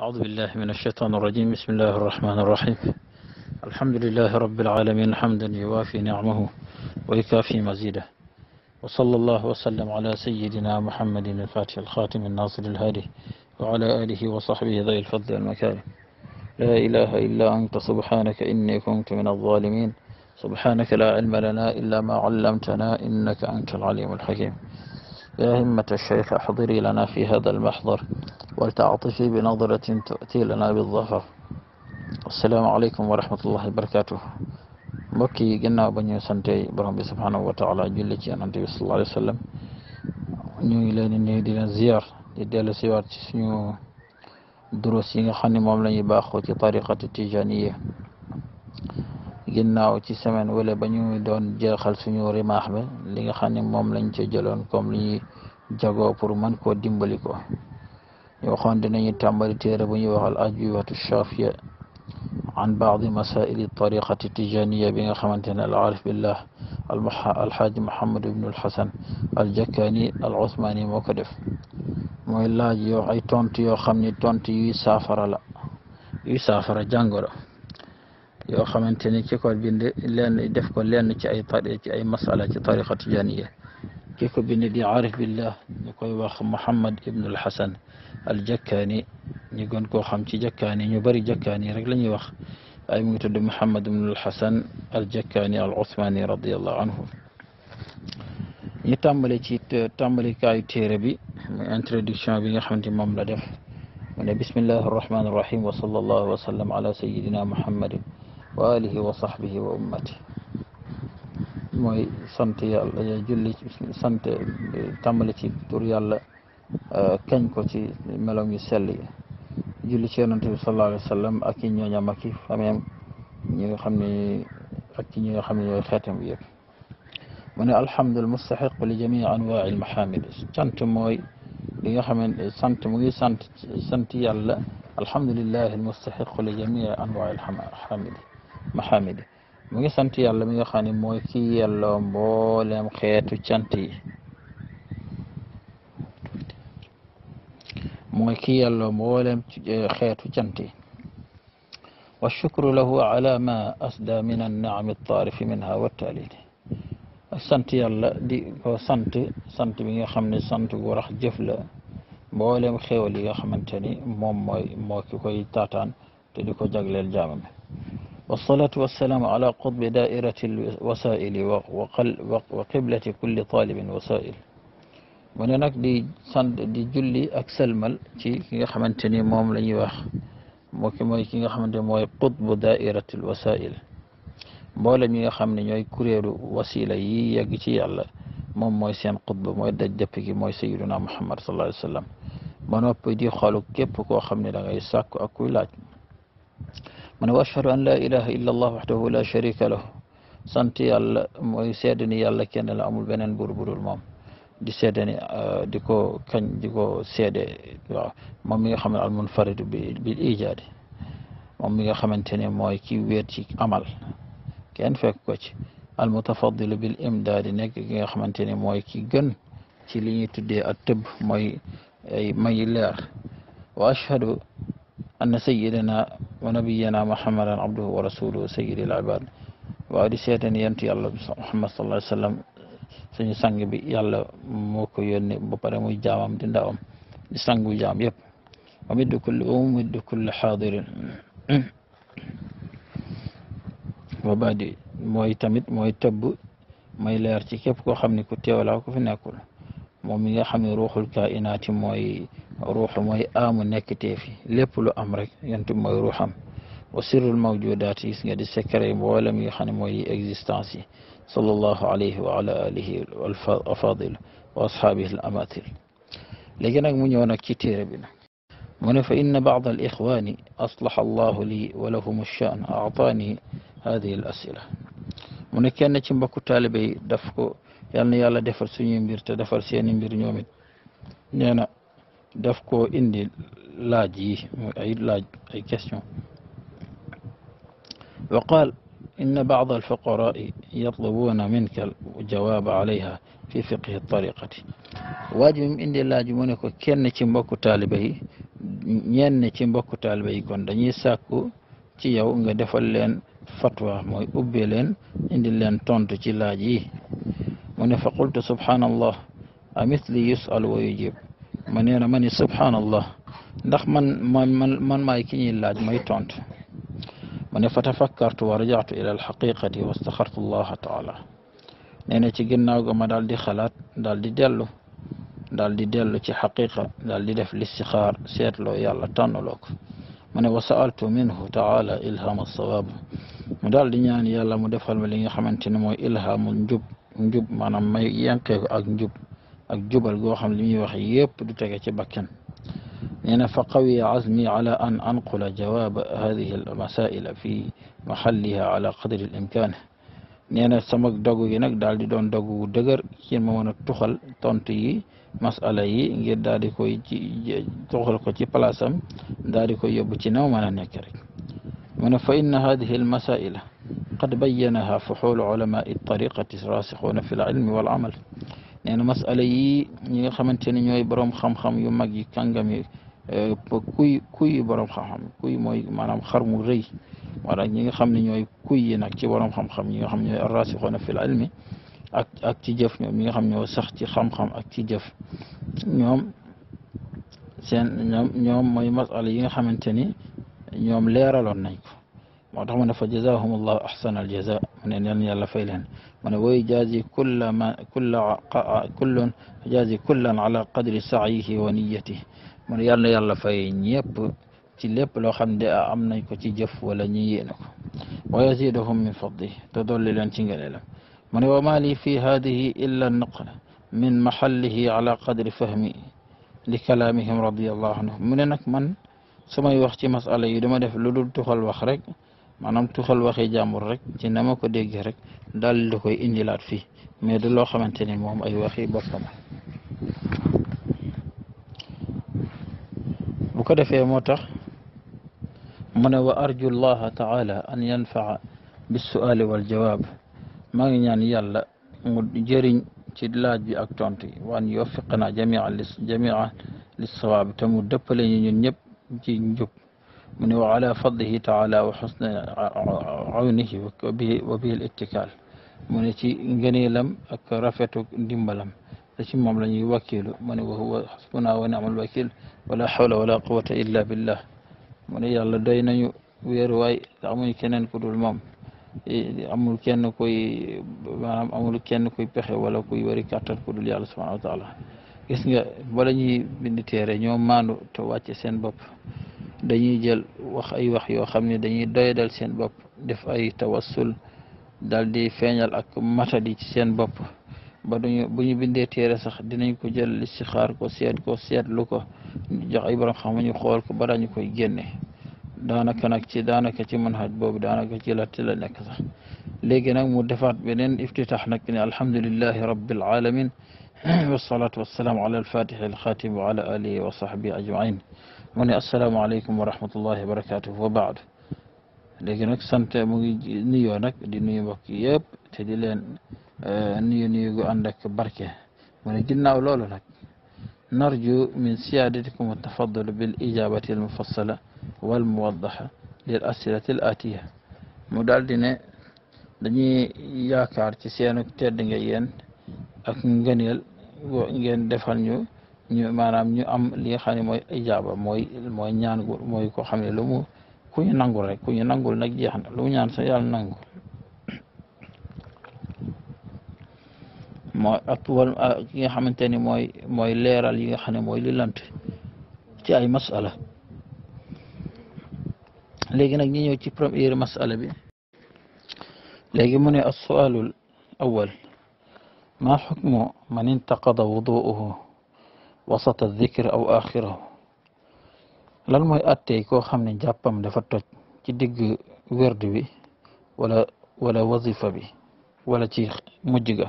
أعوذ بالله من الشيطان الرجيم بسم الله الرحمن الرحيم الحمد لله رب العالمين حمدا يوافي نعمه ويكافي مزيده وصلى الله وسلم على سيدنا محمد الفاتح الخاتم الناصر الهادي وعلى آله وصحبه ذي الفضل والمكارم لا إله إلا أنت سبحانك إني كنت من الظالمين سبحانك لا علم لنا إلا ما علمتنا إنك أنت العليم الحكيم يا همة الشيخ احضري لنا في هذا المحضر ولتعطفي بنظرة تأتي لنا بالظفر السلام عليكم ورحمة الله وبركاته بكي جنة بني سنتي برمي سبحانه وتعالى جلتي أن النبي صلى الله عليه وسلم نيو إلى نيدي نزير ديال سيوار تسنيو دروس يغي خاني يباخو تي طريقه التجانيه غيناو تي سمن ولا بانيو دون جيخال سونو ريماخ li nga xam ne moom lañ ca jëloon comme li ñuy jagoo pour mën koo dimbali ko ñu waxoon dinañu tàmbali téere bu ñuy waxal ajwibatu shafiya an baadi masaili tariqati tijaniya bi nga xamante ne al arif billah alxaaji mohamad ibnu alxasan aljakkaani al usmaani moo ko def mooy laaj yoo ay tontu yoo xam ne tontu yuy saafara la yuy saafara jàngoro yoo xamante ni ki ko bind lenn def ko lenn ci ay tari ci ay masala ci tariqa tijaniya ki ko bind di arif billah ñu koy wax Muhammad ibn al Hasan al Jakkaani ñu gën koo xam ci Jakkaani ñu bari Jakkaani rek la ñuy wax ay mu ngi tudd Muhammad ibn al Hasan al Jakkaani al Usmaani radiallahu anhu ñu tàmbale ci tàmbalikaayu téere bi muy introduction bi nga xamante moom la def mu ne bismillahi arrahmani arrahim wa sallallahu wa sallam ala sayidina muhammadin وآله وصحبه وأمته موي سنت يالله يا جولي سنت تاملي سي تور يالله آه، كنكو سي ملوم يسلي جولي سي نبي صلى الله عليه وسلم اك ني نيام اك فاميم ني خامي اك ني خامي يو خاتم ييب من الحمد المستحق لجميع انواع المحامد سنت موي ليغا خامن سنت موي سنت سنت يالله الحمد لله المستحق لجميع انواع الحمد محمد مغي سانتي يالله ميغا خاني موي كي يالله مبولم خيتو تشانتي موي كي يالله مبولم خيتو تشانتي والشكر له على ما اسدى من النعم الطارف منها والتالي سانتي يالله دي كو سانتي سانتي ميغا خامني سانتي غراخ جفله مبولم خيو ليغا خامتاني موم موي موكي كوي تاتان تديكو جاغلل جامامي والصلاة والسلام على قطب دائرة الوسائل وقبلة كل طالب وسائل mu ne nag di sant di julli ak selmal ci ki nga xamante ni moom la ñuy wax moo ki mooy ki nga xamante mooy qutbu dairatul wasail mboole ñi nga xam ne ñooy kuréelu wasila yi yegg ci yàlla moom mooy seen qutbu mooy daj dëpp gi mooy sayiduna muhammad sallallahu alayhi wa sallam ba noppi di xoolu képp koo xam ne da ngay sàkku ak kuy laaj من واشهد ان لا اله الا الله وحده لا شريك له سنتي يال موي سيدني يالا كين لا امول بنن بور بورول دي سيدني آه، ديكو كان ديكو سيدي آه، موم خامل المنفرد بالايجاد موم ميغا خامتاني موي كي ويت سي عمل كين فك كو المتفضل بالامداد نيك كيغا خامتاني موي كي گن سي لي ني تودي اتب موي اي ماي لير واشهد أن سيدنا ونبينا محمدا عبده ورسوله سيد العباد وعد سيدنا ينتي الله محمد صلى الله عليه وسلم سيني سنجي بي يالا موكو يوني بباري مو جامام دين داوم سنجو جام يب ومد كل أم ومد كل حاضر وبعد موي تمت موي تبو موي لارتي كيف كو خمني كو تيولا كو في ناكل momi nga xamni ruhul kainat moy ruh moy amu nek tefi lepp lu am rek yent moy ruham wa sirrul mawjudat is nga صلى الله عليه وعلى اله الافاضل واصحابه الاماثل لكن مو نيو نك من فان بعض الاخوان اصلح الله لي ولهم الشان اعطاني هذه الاسئله من كان نتي مبكو طالبي دافكو يالنا يالا دفر سنين بير تدفر سنين بير نيومت نينا دفكو اندي لاجي اي لاج اي كسيون وقال ان بعض الفقراء يطلبون منك الجواب عليها في فقه الطريقة واجب اندي لاجي منكو كن نتيمبوكو طالبه نين نتيمبوكو طالبه يكون داني ساكو تيو نغا دفر لين فتوى موي اوبي لين اندي لين تونتو تي لاجي من فقلت سبحان الله أمثلي يسأل ويجيب من يرى من سبحان الله ندخ من من من من ما يكيني اللاج ما يتونت من فتفكرت ورجعت إلى الحقيقة واستخرت الله تعالى نينا تجينا وما دال دي خلات دال دي دلو دال دي دلو تي حقيقة دال دي دف الاستخار سيت لو يالا تانو لوك من وسألت منه تعالى إلهام الصواب مدال دي نياني يالا مدفع الملين يخمنتين مو إلهام الجب njub manam may yanke ak njub ak jubal go xam limi wax yëpp du tege ci bakkan nee na fa qawiya azmi ala an anqula jawab hadhihi al masail fi maxalliha ala qadri al imkan nee sama dogu gi nak dal di don dogu deugar ci ma wona tukhal tontu yi masala yi ngir dal di koy ci tukhal ko ci place am dal di koy yóbbu ci naw mana nek rek mana fa in hadhihi al masail قد بينها فحول علماء الطريقة الراسخون في العلم والعمل يعني مسألة يي يعني خمن تاني نوي برام خم خم يوم ماجي كان جمي آه، كوي كوي برام خم خم كوي موي ما نام خرم ري يعني خمن نوي كوي ينك تي برام خم خم يعني خمن الراسخون في العلم أك أكتجف يوم يعني خمن وسختي خم خم أكتجف يوم سين يوم يوم موي مسألة يعني خمن تاني يوم ليرة لونايكو مدعوم فجزاهم الله احسن الجزاء من ان يلا فيلن من ويجازي كل ما كل كل جازي كلا على قدر سعيه ونيته من يلا يلا فين يب تي لب لو خم دي ام نكو تي جف ولا ني ويزيدهم من فضله تدل لن تنجل من وما لي في هذه الا النقل من محله على قدر فهمي لكلامهم رضي الله عنهم من انك من سمي وقتي مساله يدما دف لودو تخال وخ رك maanaam tuxal waxi jàmbur rek ci nama ko déggee rek daal di koy indilaat fi mais du loo xamante ni moom ay waxi boppam bu ko defee moo tax mu ne wa arju llaha taala an yanfaa bissuaali wal jawaab maa ngi ñaan yàlla mu jëriñ ci laaj bi ak tontu yi waan yofiqana jamia li jamia li sawaab te mu dëppale ñu ñun ñëpp ci njub من وعلى فضله تعالى وحسن عونه وبه, وبه الاتكال من تي غني لم اك رفتو ديمبلام تشي مام لاني وكيل من وهو حسبنا ونعم الوكيل ولا حول ولا قوه الا بالله من يلا داي نيو وير واي امول كينن كودول مام امول كين كوي مام امول كين كوي بخي ولا كوي وري كاتر كودول يالله سبحانه وتعالى gis nga bala ñuy bind téere ñoo maanu te wàcce seen bopp dañuy jël wax ay wax yoo xam ne dañuy doyadal seen bopp def ay tawassul daal di feeñal ak matadi ci seen bopp ba duñu bu ñu bindee téere sax dinañ ko jël listixaar ko seet ko seetlu ko jox ay borom xam ñu xool ko ba dañu koy génne daanaka nag ci daanaka ci manhaj boobu daanaka ci la ti la nekk sax léegi nag mu defaat beneen iftitaax nag ne alhamdulillahi rabbil alamin wasalaatu wasalaamu ala alfatixi alxatim wa ala alihi wa sahbihi ajmain من السلام عليكم ورحمة الله وبركاته وبعد لكنك سنت نيونك دنيا بكيب تدلين نيو نيو عندك بركة من جنة أولولك نرجو من سيادتكم التفضل بالإجابة المفصلة والموضحة للأسئلة الآتية مدال دينا دني ياكار تسيانك تدنجيين أكن جنيل وإن جن ñu maanaam ñu am li xam ne mooy ijaaba mooy mooy ñaan gu koo xam ne lu mu ku ñu nangul rek ku ñu nangul nag jeex na lu mu ñaan sa yàlla nangul mooy ak wal ki nga xamante ni mooy mooy leeral yi nga xam ne mooy li lant ci ay masala léegi nag ñu ñëw ci première masala bi léegi mu ne assualul awal ma xukmu man intaqada wuduuhu وسط الذكر أو آخره لان موي اتي كو خامني جابام دا فا توج سي ديغ ورد بي ولا ولا وظيفه بي ولا سي مجيغا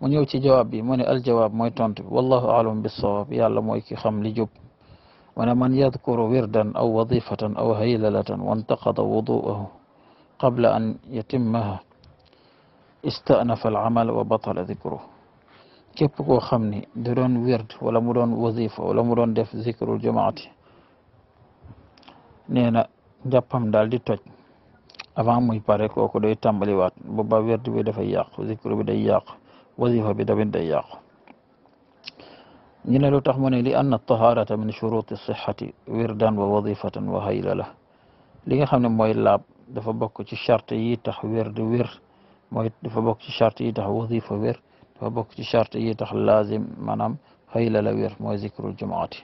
مو نيو سي جواب بي موني الجواب موي تونت والله اعلم بالصواب يالا موي كي خام لي جوب وانا من يذكر وردا او وظيفه او هيلله وانتقض وضوءه قبل ان يتمها استأنف العمل وبطل ذكره képp koo xam ni da doon wird wala mu doon wazifa wala mu doon def zikrul jamaati nee na jàppam daal di toj avant muy pare kooku day tàmbaliwaat booba wird bi dafay yàqu zikru bi day yàqu wazifa bi tamit day yàqu ñu ne lu tax mu ne li anna taharata min shuruti sixati wirdan wa wazifatan wa hayla la li nga xam ne mooy laab dafa bokk ci charte yi tax wird wir mooy dafa bokk ci charte yi tax wazifa wir فبوك شرط يدخ إيه لازم منام هاي للاوير موي ذكر الجمعات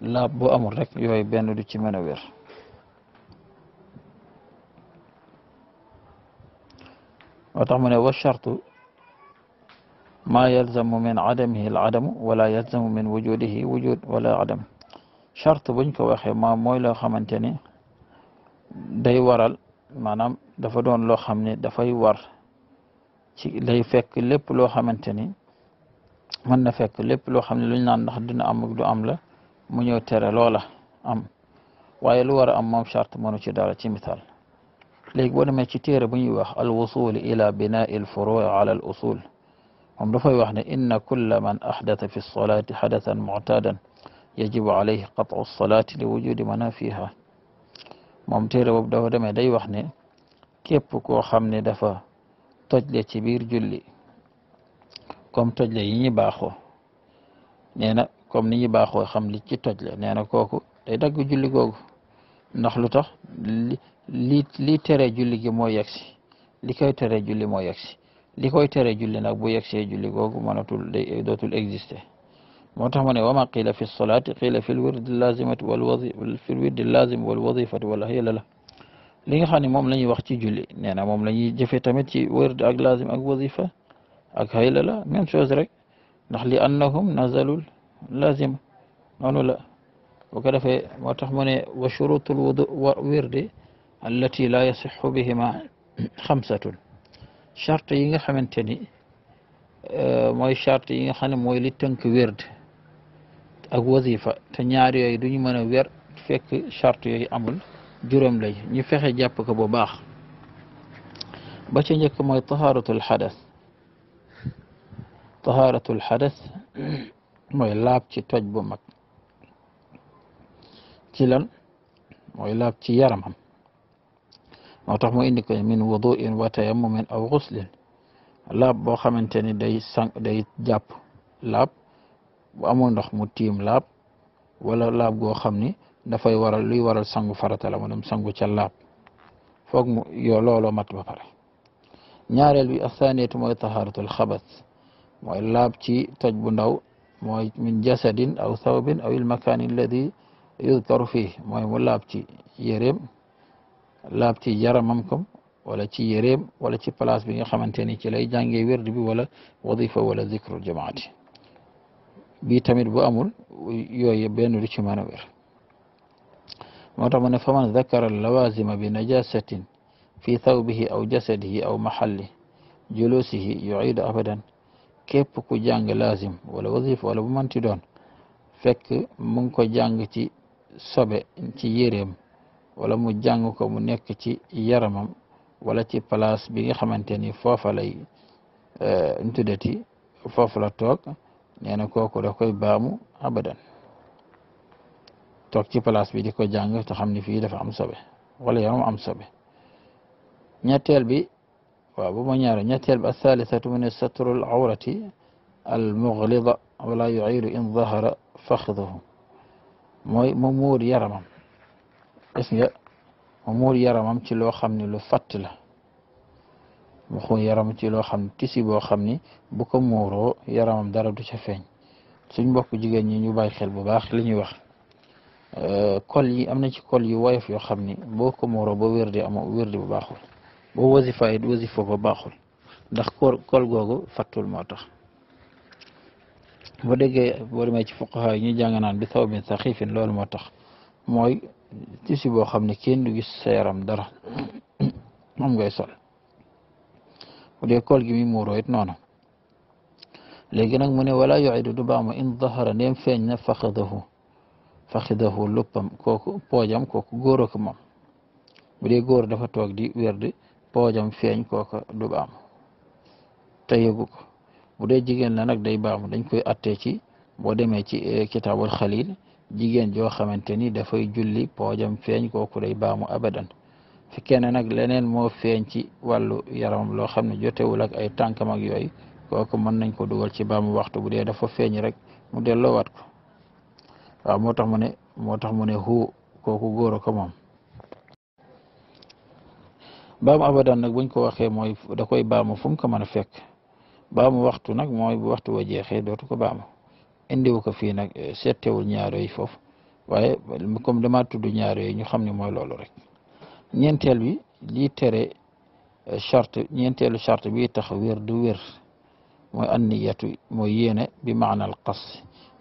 لا بو امر رك يوي بين دو تي منوير وتامن والشرط ما يلزم من عدمه العدم ولا يلزم من وجوده وجود ولا عدم شرط بنك واخي ما موي لو خمانتني داي ورال manam dafa doon lo xamne da fay war ci lay fekk lépp loo xamante ni mën na fekk lépp loo xam ne lu ñu naan ndax dina am ak du am la mu ñëw tere loola am waaye lu war a am moom charte mënu ci dara ci misaal léegi boo demee ci téere bu ñuy wax al wusul ila binai al furuu ala al usul moom dafay wax ne inna kulla man axdata fi lsolati xadatan muctaadan yajibu alayhi qatcu lsolati li wujudi manafiha moom téere boobu dafa demee day wax ne képp koo xam ne dafa tojle ci biir julli comme tojle yi ñu baaxoo nee na comme ni ñu baaxoo xam li ci tojle nee na kooku day dagg julli googu ndax lu tax li li tere julli gi moo yegsi li koy tere julli moo yegsi li koy tere julli nag bu yegsee julli googu mënatul day dootul exister moo tax mu ne wama qiila fi solaati qiila fi lwirdi lazimati wal wadi fi lwirdi lazim wal wadifati wala hiya la li nga xamni mom lañuy wax ci julli neena mom lañuy jëfe tamit ci wërd ak lazim ak wazifa ak hayla la même chose rek ndax li annahum nazalul lazim nonu la bu ko defee moo tax ne wa shurutul wudu wa wirdi allati la yasihhu bihima xamsatun charte yi nga xamante ni mooy charte yi nga xam ne mooy li tënk wérd ak wazifa te ñaar yooyu duñu mën a wér fekk charte yooyu amul juróom lañ ñu fexe jàpp ko bu baax ba ci njëkk mooy tahaaratul xadas tahaaratul xadas mooy laab ci toj bu mag ci lan mooy laab ci yaramam moo tax mu indi ko min wuduin wa tayammumin aw xuslin laab boo xamante ni day sang day jàpp laab bu amul ndox mu tiim laab wala laab goo xam ni dafay waral luy waral sangu farata la maanaam sangu ca laab foog mu yoo looloo mat ba pare ñaareel bi asaaniatu mooy tahaaratul xabas mooy laab ci toj bu ndaw mooy min jasadin aw sawbin aw il makaani alladi yudkaru fii mooy mu laab ci yéreem laab ci yaramam kom wala ci yéreem wala ci place bi nga xamante ci lay jàngee wérdi bi wala wadifa wala zikru jamaati bi tamit bu amul yooyu benn ci mën wér motomone faman dakara llawasima bi najasatin fi thawbihi aw jasadihi aw mahalli julusihi yuidu abadan képp ku jàng lasim wala wasifa wala bu manti doon fekk mun ko jàng ci sobe ci yéréem wala mu jàng ko mu nekk ci yaramam wala ci place bi nga xamante ni foofa lay eh, tuddati foofa la toog neena kooku da koy baamu abadan toog ci place bi di ko jàng te xam ni fi dafa am sobe wala yaram am sobe ñetteel bi waaw bu ma ñaare ñetteel bi athalisatu mu ne satrul awrati al muglida wala yuidu in zahara faxduhu mooy mu muur yaramam gis nga mu muur yaramam ci loo xam ne lu fatt la mu xuur yaram ci loo xam ne tisi boo xam ni bu ko muuroo yaramam dara du ca feeñ suñ mbokk jigéen ñi ñu bàyyi xel bu baax li ñuy wax kol euh, yi am na ci kol yu woyof yoo xam ni bo ko mooroo ba wér di amoo wér di bu baaxul boo wasifa it wasifa baaxul ndax kol kol googu fattul moo tax boo déggee boo ci fuqaha yi ñu jàng naan bi saw bin saxiifin loolu moo tax mooy tissu boo xam ne kenn du gis sa yaram dara moom ngay sol bu dee kool gi muy muuroo noona noonu léegi nag mu ne wala yuidu du baax ma in zahara ndeem feeñ na faxadahu faqidahu luppam kooku poojam kooku góor ko moom bu góor dafa toog di werdi poojam feeñ kooku du baam te yëgu ko bu dee jigéen la nag day baamu dañ koy atte ci boo demee ci eh, kitaabul xalil jigéen joo xamante ni dafay julli poojam feeñ kooku day baamu abadan fekkee ne nag leneen moo feeñ ci wàllu yaram loo xam ne jotewul ak ay tànkam ak yooyu kooku mën nañ ko dugal ci baamu waxtu bu dee dafa feeñ rek mu delloowaat ko waaw moo tax mu ne moo tax mu ne xu kooku góor ko moom baamu abadan nag buñ ko waxee mooy da koy baamu fu mu ko mën a fekk baamu waxtu nag mooy bu waxtu wa jeexee dootu ko baamu indiw ko fii nag eh, settewul ñaaro yi foofu waaye comme dama tudd ñaar yooyu ñu xam ne mooy loolu rek ñeenteel wi lii tere eh, chart ñeenteelu chart bi tax wér du wér mooy an niyatu mooy yéene bi maanal qas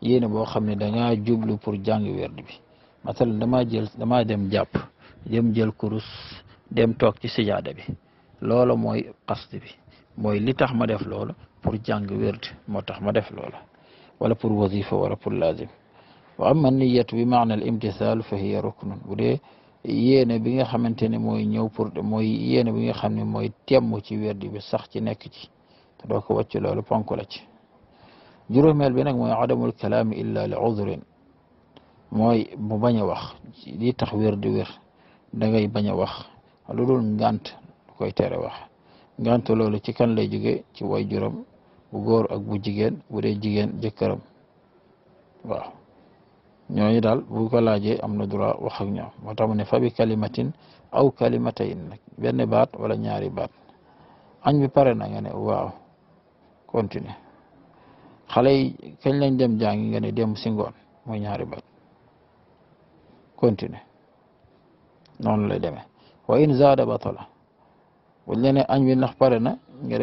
yéene boo xam ne danga jublu pour jàng werd bi masalan damaa jël damaa dem jàpp dem jël kurus dem toog ci sijaada bi loolo mooy qasd bi mooy li tax ma def loola pour jàng werd moo tax ma def loola wala pour wazifa wala pour lazim wa amma niyatu bi maana al imtisal fa hiya ruknun bu dee yéene bi nga xamante ne mooy ñëw pour mooy yéene bi nga xam ne mooy temm ci werd bi sax ci nekk ci te doo ko wàcc loolu ponk la ci juróomeel bi nag mooy adamul kalaami illa li udrin mooy mu bañ a wax li tax wér di wér da bañ a wax lu dul ngant koy tere wax ngant loolu ci kan lay jóge ci way juróom bu góor ak bu jigéen bu dee jigéen jëkkëram waaw ñooñu daal bu ko laajee am na droit wax ak ñoom moo tax mu ne fa bi kalimatin aw kalimatayn nag benn baat wala ñaari baat añ bi pare na nga ne waaw continue xale yi kañ lañ dem jàngi nga ne dem si ngoon mooy ñaari baat continue noonu lay deme wa in zaada batala buñ le ne bi pare na nga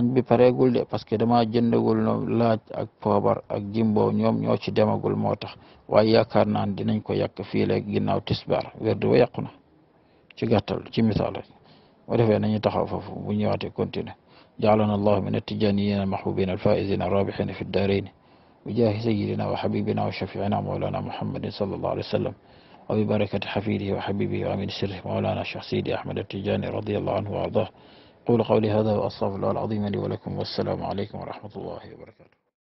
ne bi pareegul de parce que dama jëndagul no laaj ak poobar ak jimbo ñoom ñoo ci demagul moo tax waaye yaakaar naan dinañ ko yàq fii léegi ginnaaw tisbaar werd wa yàqu na ci gàttal ci misaal rek bu defee nañu taxaw foofu bu ñëwaatee continue جعلنا الله من التجانيين المحبوبين الفائزين الرابحين في الدارين بجاه سيدنا وحبيبنا وشفيعنا مولانا محمد صلى الله عليه وسلم وببركة حفيده وحبيبه وأمين سره مولانا الشيخ سيدي أحمد التجاني رضي الله عنه وأرضاه قول قولي هذا وأستغفر الله العظيم لي ولكم والسلام عليكم ورحمة الله وبركاته